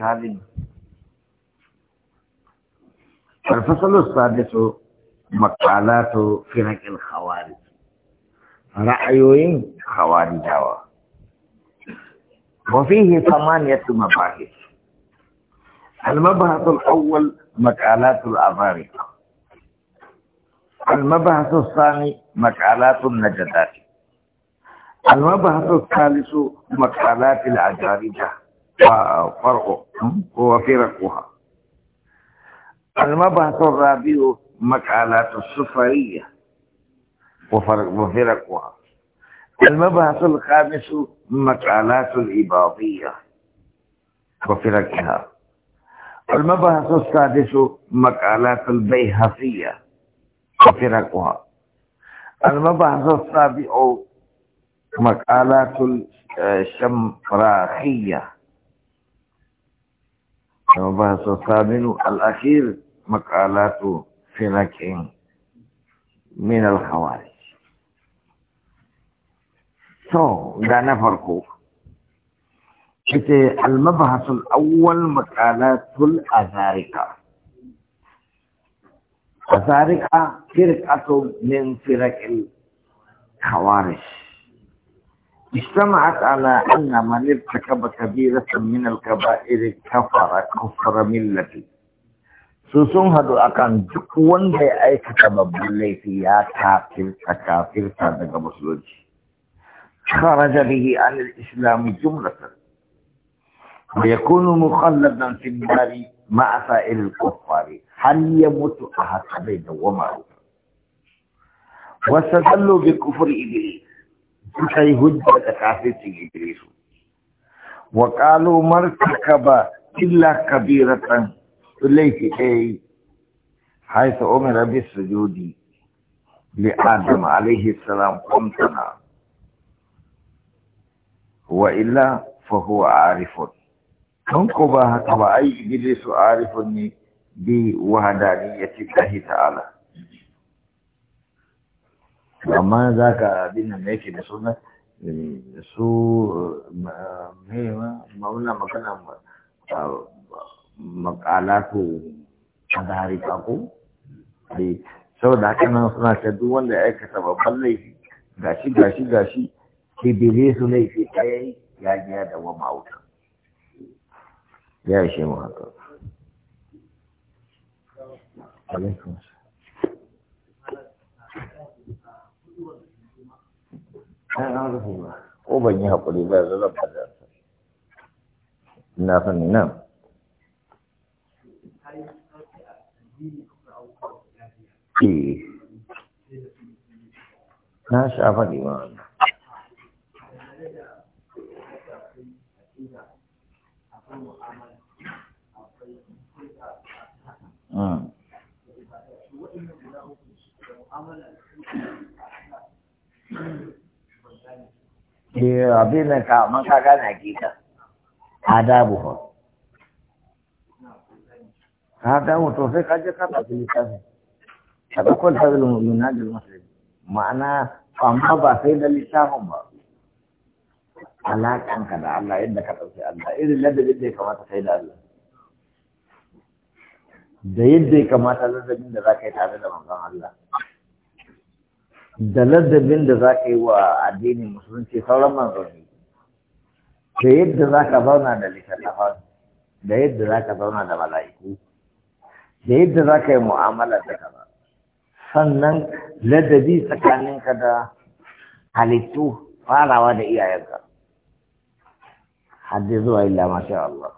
هذه الفصل السادس مقالات فرق الخوارج رأيين خوارج وفيه ثمانية مباحث المبحث الأول مقالات الأفارقة المبحث الثاني مقالات النجدات المبحث الثالث مقالات العجارجة فرع وفرقها المبحث الرابع مكالات السفرية وفرقها المبحث الخامس مكالات الإباضية وفرقها المبحث السادس مكالات البيهقية وفرقها المبحث السابع مكالات الشمراخية البحث الثامن الأخير مقالات فرق من الخوارج تو ده نفرقه المبحث الأول مقالات الأزارقة أزارقة فرقة من فرق الخوارج اجتمعت على أن من ارتكب كبيرة من الكبائر كفر كفر ملتي سوسون هادو أكان جكوان دي أي كتب بالليتي يا كافر كافر صادق مسلوج خرج به عن الإسلام جملة ويكون مخلدا في النار مع سائر الكفار هل يموت أحد بين ومعه واستدلوا بكفر إبليس شيء هدى تكافيت إبليس وقالوا مرتكبا إلا كبيرة إليك أي حيث أمر بالسجود لآدم عليه السلام قمتنا وإلا فهو عارف تنقبها تبعي إبليس عارفني بوحدانية الله تعالى amma za ka abin nan yake da suna eh, su mewa mauna makala makalatu a zahari ko eh, da haka nan suna ta duk wanda ya aikata babban laifi gashi gashi gashi ke bere su laifi ɗaya ya ji da wa ma'auta ya ishe mu haka. ko ban yi haƙuri ba da yanzu da fada ina sani nan eh. na shafa faɗi ma wannan. Hmm. eh abin nan ka man ka gane hakika adabu fa adabu to sai ka je ka tafi littafi ka ga kun tafi lumina da muslim ma'ana amma ba sai da littafin ba alaƙan ka da Allah yadda ka ɗauki Allah irin ladabin da ya kamata kai da Allah da yadda ya kamata ladabin da za ka yi tare da manzon Allah da ladabin da za ka yi wa addinin musulunci sauran manzanni da yadda za ka zauna da littattafan da yadda za ka zauna da mala'iku da yadda za ka yi mu'amala da kaza sannan ladabi tsakaninka da halittu farawa da iyayenka hadde zuwa illa masha Allah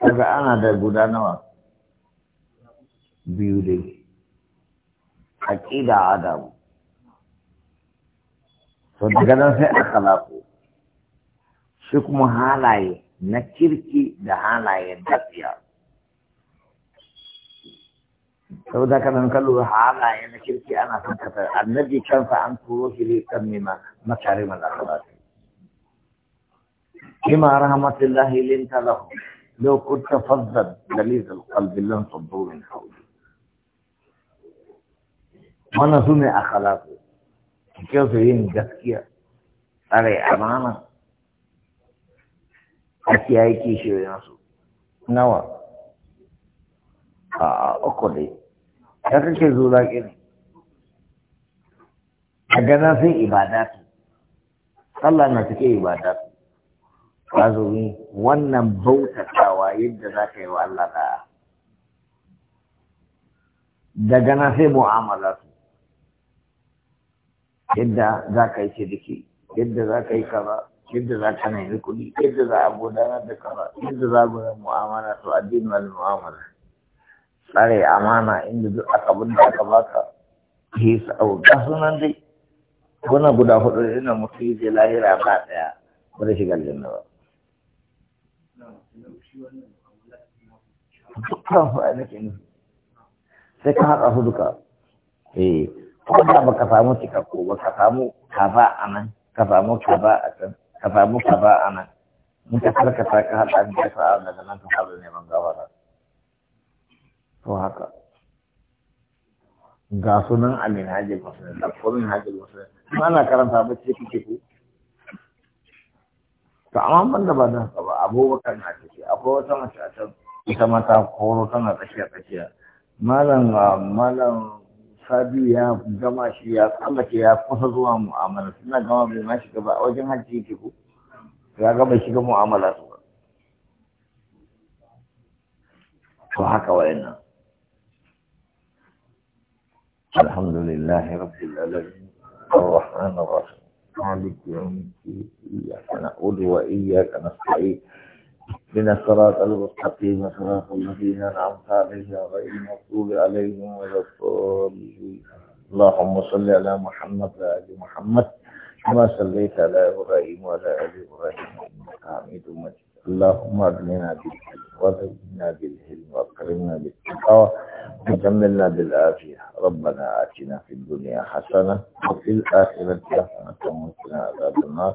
kaga ana da guda nawa biyu dai aqida adamu to daga nan sai aka lafu shi kuma halaye na kirki da halaye dafiya saboda haka nan kallo halaye na kirki ana son ka annabi kansa an turo shi ne kan nema makarimal akhlaq كما رحمة الله لنت له لو كنت فظا غليظ القلب لانفضوا من حولك وانا سمع اخلاقه cikinsu yin gaskiya tsare amana a shirya su nawa a uku dai ya kake zura ne a gana sai ibadatu Allah na cike ibadatu azumi wannan bautatawa yadda za ka yi wa Allah da daga na sai mu'amala su yadda za ka yi ciniki yadda za ka yi kaza yadda za ka nemi kuɗi yadda za a gudanar da kaza yadda za a gudanar mu'amala to addini wal mu'amala tsare amana inda duk aka bin da aka baka hisa au ga sunan dai wannan guda hudu da ina mutu yi zai lahira ba daya ba da shigar jinna ba dukkan fa'a nake nufi sai ka haɗa su duka eh ko da ba ka samu cikakko ba ka samu kafa a nan ka samu kafa a can ka samu kafa a nan in ka karkata ka haɗa ni ka sa'a daga nan ka haɗa ban gawara to haka ga sunan amin hajjil musulun da Haji hajjil musulun ana karanta ba ce kuke ku to amma ban da ba da haka ba abubakar na ciki akwai wata mace a can ita mata koro tana tsakiya tsakiya malam ah, malam sabiu ya gama shi ya tsallake ya kusa zuwa mu'amala suna gama bai ma shiga ba wajen hajji yake ko ya gama shiga mu'amala su ba to haka wayannan الحمد لله رب العالمين الرحمن الرحيم مالك يوم الدين اياك نعبد واياك نستعين من الصراط المستقيم صراط الذين أنعمت عليهم غير المغضوب عليهم ولا اللهم صل على محمد وعلى آل محمد كما صليت على إبراهيم وعلى آل إبراهيم إنك حميد مجيد اللهم أغننا بالحلم وزدنا بالحلم وأكرمنا بالتقوى وجملنا بالعافية ربنا آتنا في الدنيا حسنة وفي الآخرة حسنة وقنا عذاب النار